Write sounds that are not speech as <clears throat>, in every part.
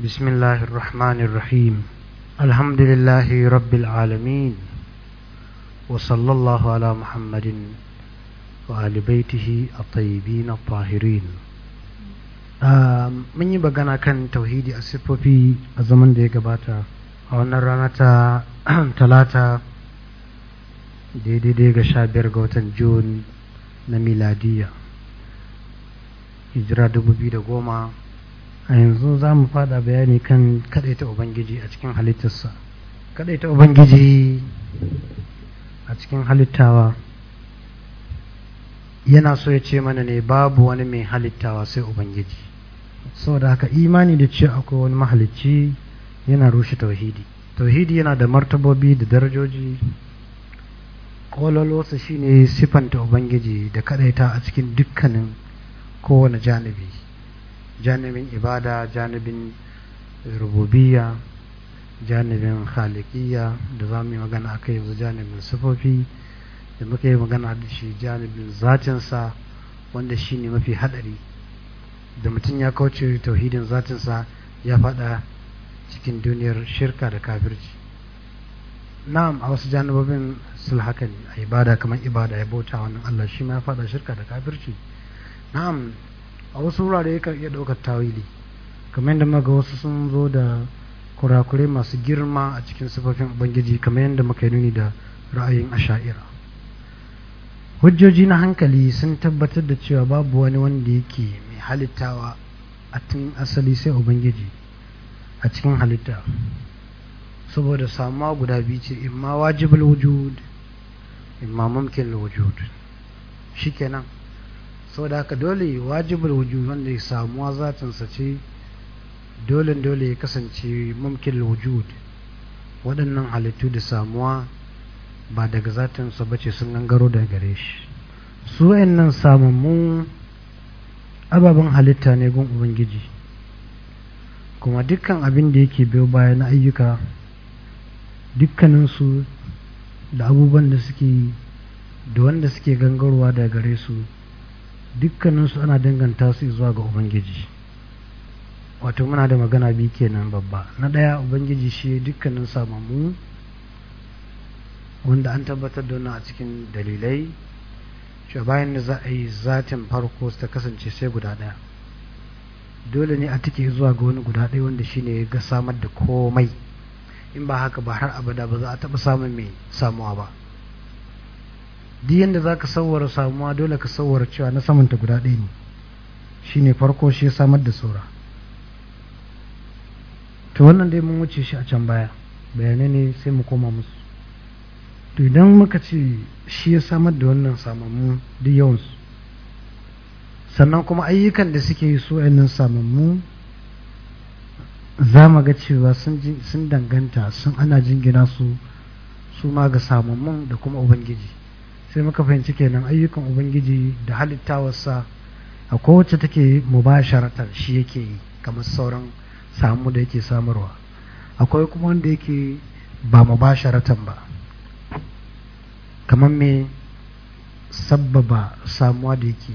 بسم الله الرحمن الرحيم الحمد لله رب العالمين وصلى الله على محمد وآل بيته الطيبين الطاهرين mun yi bagana kan tauhidi a siffofi a zaman da ya gabata a wannan rana <clears throat> talata daidai ga sha biyar ga watan jun na miladiya hijira dubu biyu da goma a yanzu za mu fada bayani kan kadaita ubangiji a cikin halittarsa kadaita ubangiji a cikin halittawa yana so ya ce mana ne babu wani mai halittawa sai ubangiji saboda haka imani da ce akwai wani mahalicci yana rushe tauhidi tauhidi yana da martabobi da darajoji ƙololosa shine siffanta ubangiji da kadaita a cikin dukkanin kowane janibi janibin ibada janibin rububiya janibin khalikiya da za mu yi magana a kai yanzu janibin sufofi da muka yi magana da shi janibin zatinsa wanda shi ne mafi hadari da mutum ya kauce tauhidin zatinsa ya fada cikin duniyar shirka da kafirci na'am a wasu janibobin sul haka ne a ibada kamar ibada ya bauta wannan allah shi ma ya fada shirka da kafirci na'am a wasu wurare yakan iya ɗaukar tawili kamar yadda muka wasu sun zo da kurakurai masu girma a cikin sifofin ubangiji kamar yadda muka yi nuni da ra'ayin asha'ira hujjoji na hankali sun tabbatar da cewa babu wani wanda yake mai halittawa a tun asali sai ubangiji a cikin halitta saboda samuwa guda biyu ce imma wajibul wujud imma mumkin wujud shikenan saboda haka dole wajibul wujud wanda ya samuwa zatinsa ce dole dole ya kasance mumkin wujud waɗannan halittu da samuwa ba daga zatinsa ba ce sun gangaro daga gare shi su nan samammu ababen halitta ne gun ubangiji kuma dukkan abin da yake biyo baya na ayyuka dukkaninsu da abubuwan da suke da wanda suke gangarowa daga gare su dukkaninsu ana danganta su zuwa ga ubangiji wato muna da magana biyu kenan babba na ɗaya ubangiji shi dukkanin samamu wanda an tabbatar da wannan a cikin dalilai cewa bayan da za a yi zatin farko ta kasance sai guda ɗaya dole ne a take zuwa ga wani guda ɗaya wanda shi shine ga samar da komai in ba haka ba har abada ba za a taɓa samun mai samuwa ba duk yadda za ka sauwara samuwa dole ka sauwara cewa na samanta guda ɗaya ne shi ne farko shi ya samar da saura to wannan dai mun wuce shi a can baya bayanai ne sai mu koma musu to idan muka ce shi ya samar da wannan samammu duk yawansu sannan kuma ayyukan da suke yi su ainihin samammu za mu ga cewa sun danganta sun ana jingina su su ma ga samammun da kuma ubangiji sai muka fahimci kenan ayyukan ubangiji da halittawarsa a kowace take mubasharatar shi yake yi kamar sauran samu da yake samarwa akwai kuma wanda yake ba mubasharatan ba kamar me sabbaba samuwa da yake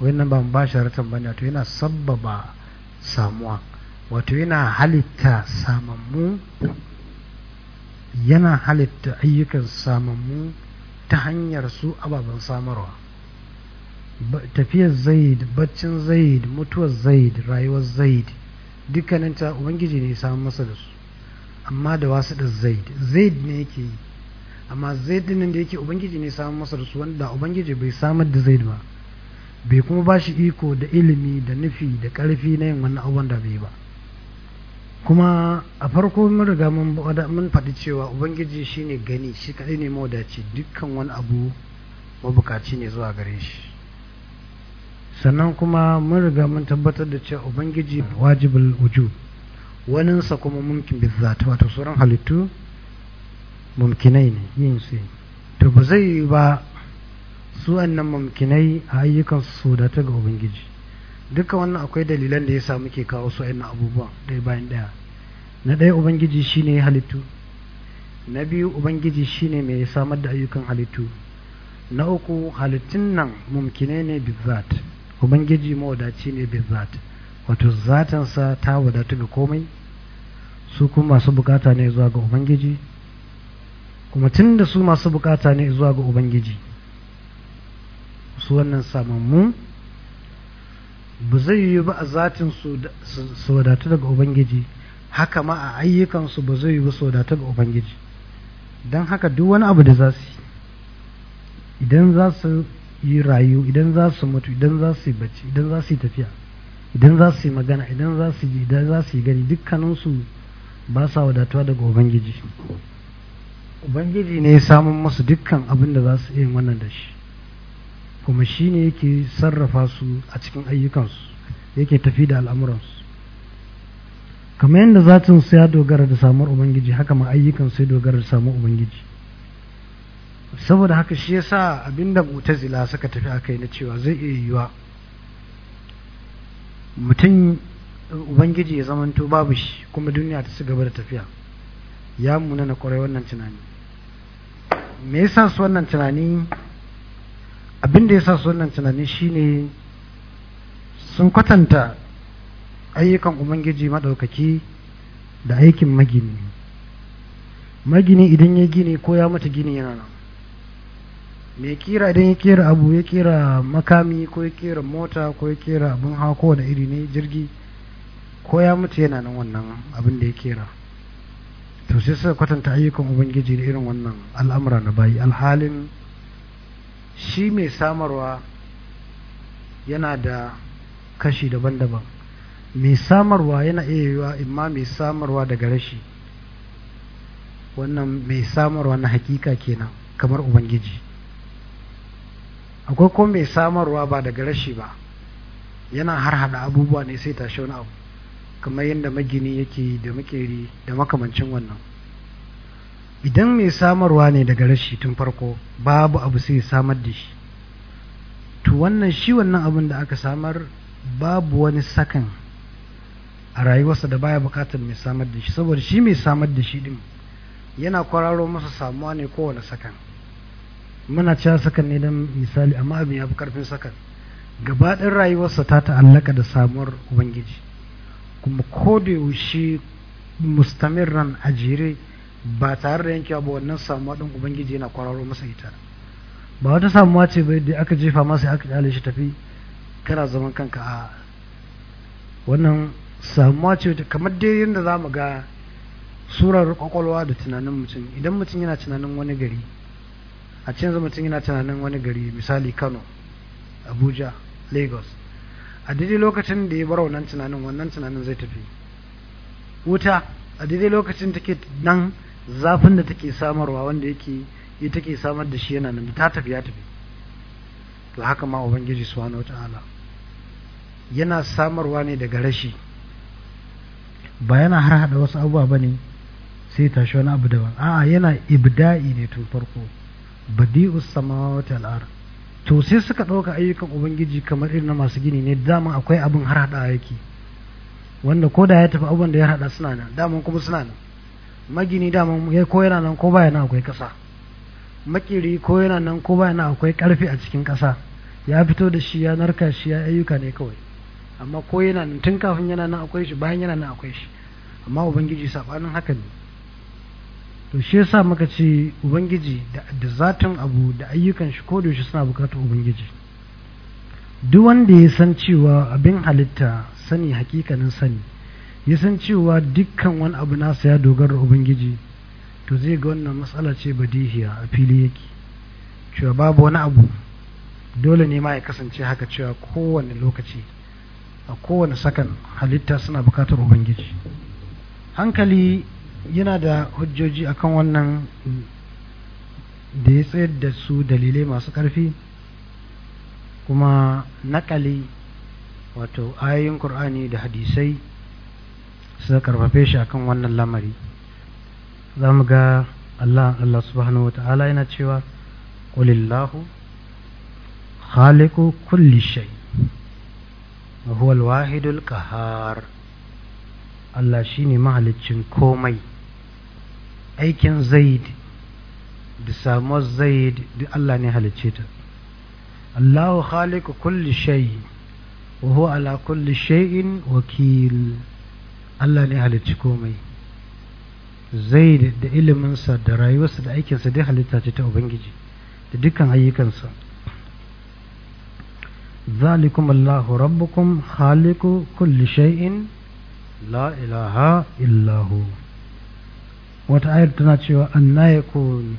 wannan ba mubasharatan ba ne wato yana sabbaba samuwa wato yana halitta samammu yana halitta ayyukan samammu ta hanyar su ababen samarwa tafiyar zaid baccin zaid mutuwar zaid rayuwar zaid dukkanin ta ubangiji ne samun masa da su amma da wasu da zaid zaid ne yake yi amma zaid nan da yake ubangiji ne samun masa da su wanda ubangiji bai samar da zaid ba bai kuma ba shi iko da ilimi da nufi da ƙarfi na yin wannan abubuwan da bai ba kuma a farko mun riga mun faɗi cewa ubangiji shine gani shi kaɗai ne mawadaci dukkan wani abu mabukaci ne zuwa gare shi sannan kuma mun riga mun tabbatar da cewa ubangiji wajibul wujub waninsa kuma mumkin zata wato sauran halittu mumkinai ne yin su to ba zai yi ba su annan mumkinai a ayyukan su da ta ga ubangiji duka wannan akwai dalilan da ya sa muke kawo su ainihin abubuwan ɗaya bayan ɗaya na ɗaya ubangiji shine halittu na biyu ubangiji shine mai samar da ayyukan halittu na uku halittun nan mumkine ne bizzat ubangiji mawadaci ne bizzat wato zatansa ta wadatu ga komai su kuma masu bukata ne zuwa ga ubangiji kuma tun da su masu bukata ne zuwa ga ubangiji su wannan samammu ba zai yi ba a zatin su wadatu daga ubangiji haka ma a ayyukansu ba zai yi ba su wadatu daga ubangiji don haka duk wani abu da za su idan za su yi rayu idan za su mutu idan za su yi bacci idan za su yi tafiya idan za su yi magana idan za su yi idan za su yi gani dukkaninsu ba sa wadatuwa daga ubangiji ubangiji ne ya samun musu dukkan abin da za su iya wannan da shi kuma shi ne yake sarrafa su a cikin ayyukansu yake tafi da al'amuransu kamar yadda zatinsu ya dogara da samun ubangiji haka ma ayyukansu ya dogara da samun ubangiji saboda haka shi yasa abinda mutazila suka tafi a kai na cewa zai iya yiwuwa mutum ubangiji ya zamanto babu shi kuma duniya ta ci gaba da tafiya ya muna na kwarai wannan tunani me yasa su wannan tunani abin da ya sa su wannan tunani shine sun kwatanta ayyukan ubangiji maɗaukaki da aikin magini magini idan ya gini ko ya mata gini yana nan mai kira idan ya kera abu ya kera makami ko ya kera mota ko ya kera abin hawa ko wani iri ne jirgi ko ya mutu yana nan wannan abin da ya kera to sai suka kwatanta ayyukan ubangiji da irin wannan al'amura na bayi alhalin shi mai samarwa yana da kashi daban-daban mai samarwa yana iya yiwa imma mai samarwa daga rashi wannan mai samarwa na hakika kenan kamar ubangiji akwai kuma mai samarwa ba daga rashi ba yana har hada abubuwa ne sai tashi wani abu kamar yadda magini yake da makeri da makamancin wannan idan mai samarwa ne daga rashi tun farko babu abu sai samar da shi to wannan shi wannan abin da aka samar babu wani sakan a rayuwarsa da baya bukatar mai samar da shi saboda shi mai samar da shi din yana kwararo masa samuwa ne kowane sakan muna cewa sakan ne don misali amma abin ya fi karfin sakan gabaɗin rayuwarsa ta ta'allaka da samuwar ubangiji kuma ko da yaushe mustamirran a jere ba tare da yankewa ba wannan samuwa ɗin ubangiji yana kwararo masa ita ba wata samuwa ce bai da aka jefa masa aka kyale shi tafi kana zaman kanka a wannan samuwa ce kamar dai yadda za mu ga surar kwakwalwa da tunanin mutum idan mutum yana tunanin wani gari a cikin mutum yana tunanin wani gari misali kano abuja lagos a daidai lokacin da ya bar wannan tunanin wannan tunanin zai tafi wuta a daidai lokacin take nan zafin da take samarwa wanda yake yi take samar da shi yana nan ta tafi ya tafi to haka ma ubangiji subhanahu wataala yana samarwa ne daga rashi ba yana har hada wasu abubuwa bane sai tashi wani abu daban a'a yana ibda'i ne tun farko badi'us samawati al'ar to sai suka ɗauka ayyukan ubangiji kamar irin na masu gini ne dama akwai abin har hada yake wanda ko da ya tafi abubuwan da ya hada suna nan daman kuma suna nan magini dama ya ko yana nan ko ba yana akwai ƙasa makiri ko yana nan ko ba yana akwai karfi a cikin ƙasa ya fito da shi ya narka shi ya ayyuka ne kawai amma ko yana nan tun kafin yana nan akwai shi bayan yana nan akwai shi amma ubangiji sabanin haka ne to shi yasa muka ce ubangiji da zatin abu da ayyukan shi ko da shi suna bukatar ubangiji duk wanda ya san cewa abin halitta sani hakikanin sani ya san cewa dukkan wani abu nasa ya dogara ubangiji to zai ga wannan matsala ce badihiya a fili yake cewa babu wani abu dole ne ma ya kasance haka cewa kowane lokaci a kowane sakan halitta suna bukatar ubangiji hankali yana da hujjoji akan wannan da ya tsayar da su dalilai masu ƙarfi kuma naƙali wato ayoyin ƙur'ani da hadisai suka karfafe shi akan wannan lamari za mu ga Allah Allah subhanahu wata'ala yana cewa kulillahu Khaliku kulli shay wa huwa al-wahidul qahhar Allah shine mahaliccin komai aikin zaid da samuwar zaid da Allah ne halicce ta Allahu Khaliku kulli shay wa huwa ala kulli shay'in wakil Allah ne halicci komai zai da iliminsa da rayuwarsa da aikinsa dai halitta ce ta ubangiji da dukkan ayyukansa zalikum Allahu rabbukum khaliqu kulli shay'in la ilaha illahu wata ayar tana cewa anna yakun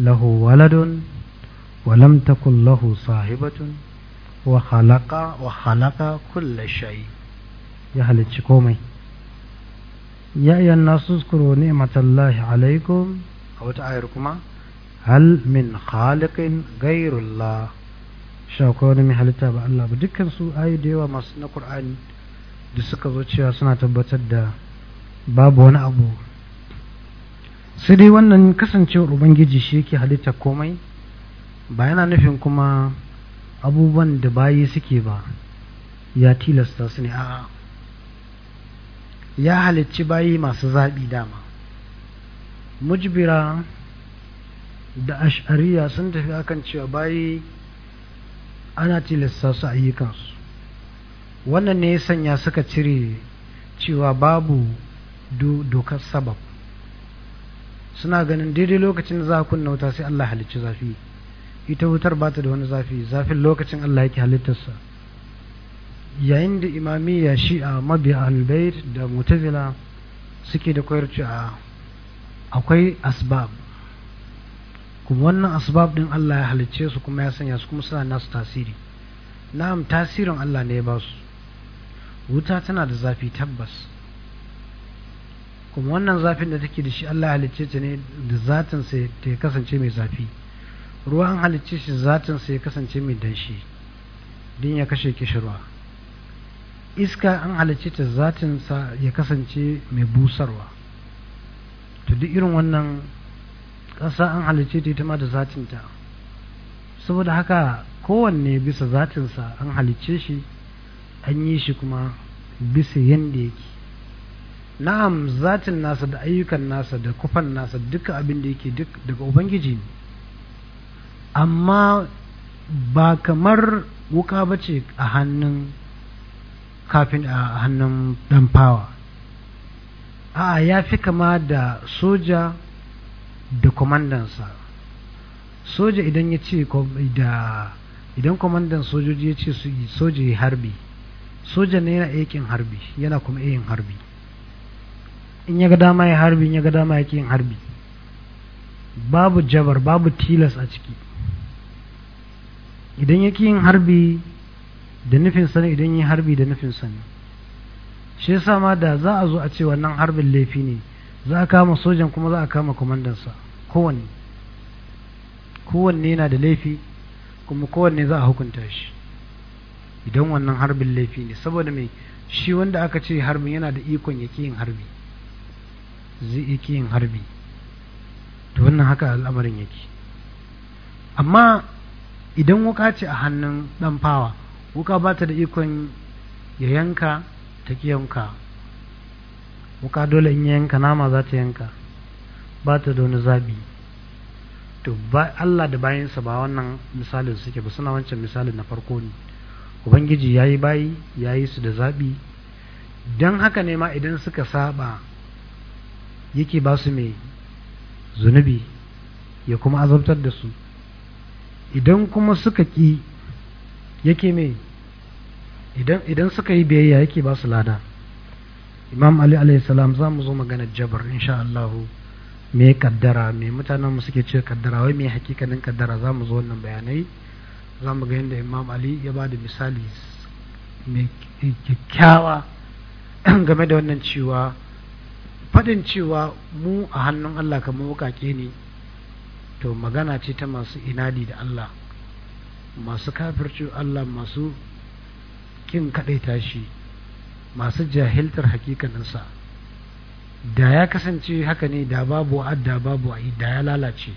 lahu waladun wa lam takun lahu sahibatun wa khalaqa wa khalaqa kulli shay ya halicci komai يا أيها الناس اذكروا نعمة الله عليكم أو تعايركما هل من خالق غير الله shakawar mai halitta ba Allah ba dukkan su ayi da yawa masu na kur'ani da suka zo cewa suna tabbatar da babu wani abu sai dai wannan kasancewar ubangiji shi yake halitta komai ba yana nufin kuma abubuwan da bayi suke ba ya tilasta su ne a'a ya halicci bayi masu zaɓi dama mujbira da ash'ariya sun tafi akan cewa bayi ana tilasta su ayyukansu wannan ne ya sanya suka cire cewa babu dokar sabab suna ganin daidai lokacin za kunna wuta sai Allah halicci zafi ita wutar ba ta da wani zafi zafin lokacin Allah yake halittarsa yayin da imamiyya shi a mabi albayt da mutazila suke da koyar cewa akwai asbab kuma wannan asbab din Allah ya halicce su kuma ya sanya su kuma suna nasu tasiri na'am tasirin Allah ne ya ba su wuta tana da zafi tabbas kuma wannan zafin da take da shi Allah ya halicce ta ne da zatin sai ta kasance mai zafi ruwan halicce shi zatin sai ya kasance mai danshi din ya kashe kishirwa iska an halarci ta zatinsa ya kasance mai busarwa to duk irin wannan ƙasa an halarci ta ita ma da zatinta saboda haka kowanne bisa zatinsa an halicce shi an yi shi kuma bisa yadda yake na'am zatin nasa da ayyukan nasa da kufan nasa duka abin da yake duk daga ubangiji ne amma ba kamar wuka ba ce a hannun kafin a hannun dan fawa a ya fi kama da soja da kwamandansa soja idan ya ce da idan kwamandan sojoji ya ce soja ya harbi soja ne yana aikin harbi yana kuma yin harbi in ya ga dama ya harbi in ya ga dama ya yin harbi babu jabar babu tilas a ciki idan yake yin harbi da nufin sani idan yi harbi da nufin sani shi yasa ma da za a zo a ce wannan harbin laifi ne za a kama sojan kuma za a kama kwamandansa kowanne kowanne yana da laifi kuma kowanne za a hukunta shi idan wannan harbin laifi ne saboda mai shi wanda aka ce harbin yana da ikon ya yin harbi zai iya yin harbi to wannan haka al'amarin yake amma idan wuka ce a hannun dan fawa wuka ba ta da ikon ya yanka ta ki yanka wuka dole in yanka nama za ta yanka ba ta da wani zabi to ba Allah da bayansa ba wannan misalin suke ba suna wancan misalin na farko ne ubangiji yayi bayi yayi su da zabi dan haka ne ma idan suka saba yake ba su mai zunubi ya kuma azabtar da su idan kuma suka ki yake mai idan suka yi biyayya yake ba su lada imam ali alayhi salam za mu zo magana jabar insha Allahu me kaddara me mutanen mu suke cewa kaddara wai me hakikanin kaddara za mu zo wannan bayanai za mu ga yadda imam ali ya ba da misali mai kyakkyawa <clears throat> game da wannan cewa faɗin cewa mu a hannun Allah kamar wukake ne to magana ce ta masu inadi da Allah masu kafirci Allah masu kin kaɗaita shi masu jahiltar hakikaninsa da ya kasance haka ne da babu adda babu ayi da ya lalace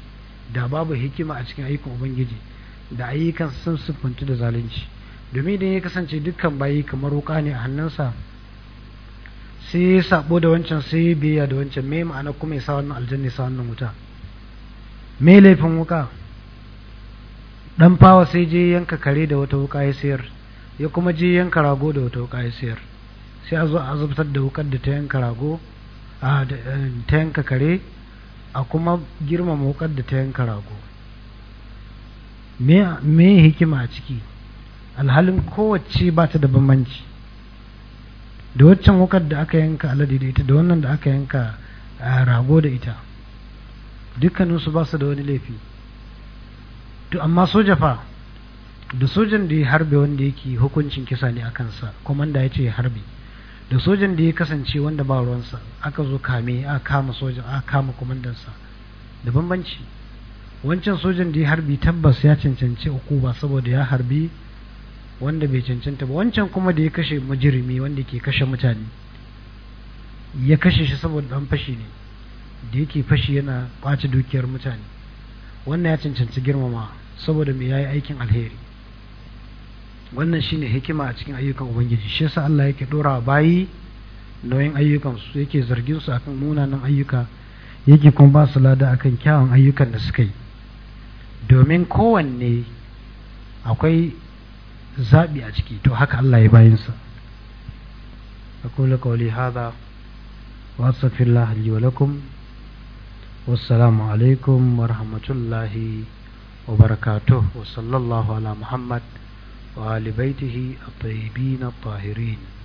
da babu hikima a cikin ayyukan ubangiji da ayyukan sun da zalunci domin idan ya kasance dukkan bayi kamar wuka ne a hannunsa sai ya sabo da wancan sai ya biya da wancan me ma'ana kuma ya sa wannan aljanna ya sa wannan wuta me laifin wuka dan fawa sai je yanka kare da wata wuka ya sayar ya kuma je yanka rago da wata wuka ya sayar sai a zo a azabtar da wukar da ta yanka rago eh, ta yanka kare a kuma girmama wukar da ta yanka rago me hikima a ciki alhalin kowace ba ta da bambanci da waccan wukar da aka yanka alade da ita da wannan da aka yanka rago da ita dukkaninsu ba su da wani laifi to amma soja fa da sojan da ya harbe wanda yake hukuncin kisa ne a kansa komanda ya ce ya harbe da sojan da ya kasance wanda ba ruwansa aka zo kame a kama sojan a kama kumandansa da bambanci wancan sojan da ya harbi tabbas ya cancanci ba saboda ya harbi wanda bai cancanta ba wancan kuma da ya kashe majirimi wanda ke kashe mutane ya kashe shi saboda dan fashi ne da yake fashi yana kwace dukiyar mutane wannan ya cancanci girmamawa saboda mai yayi aikin alheri wannan shine hikima a cikin ayyukan ubangiji shi yasa Allah yake dora bayi nauyin ayyukan su yake zargin su akan munanan ayyuka yake kuma ba su lada akan kyawun ayyukan da suka yi domin kowanne akwai zaɓi a ciki to haka Allah ya bayinsa أقول قولي هذا وأستغفر الله لي ولكم والسلام alaikum wa rahmatullahi. وبركاته وصلى الله على محمد وآل بيته الطيبين الطاهرين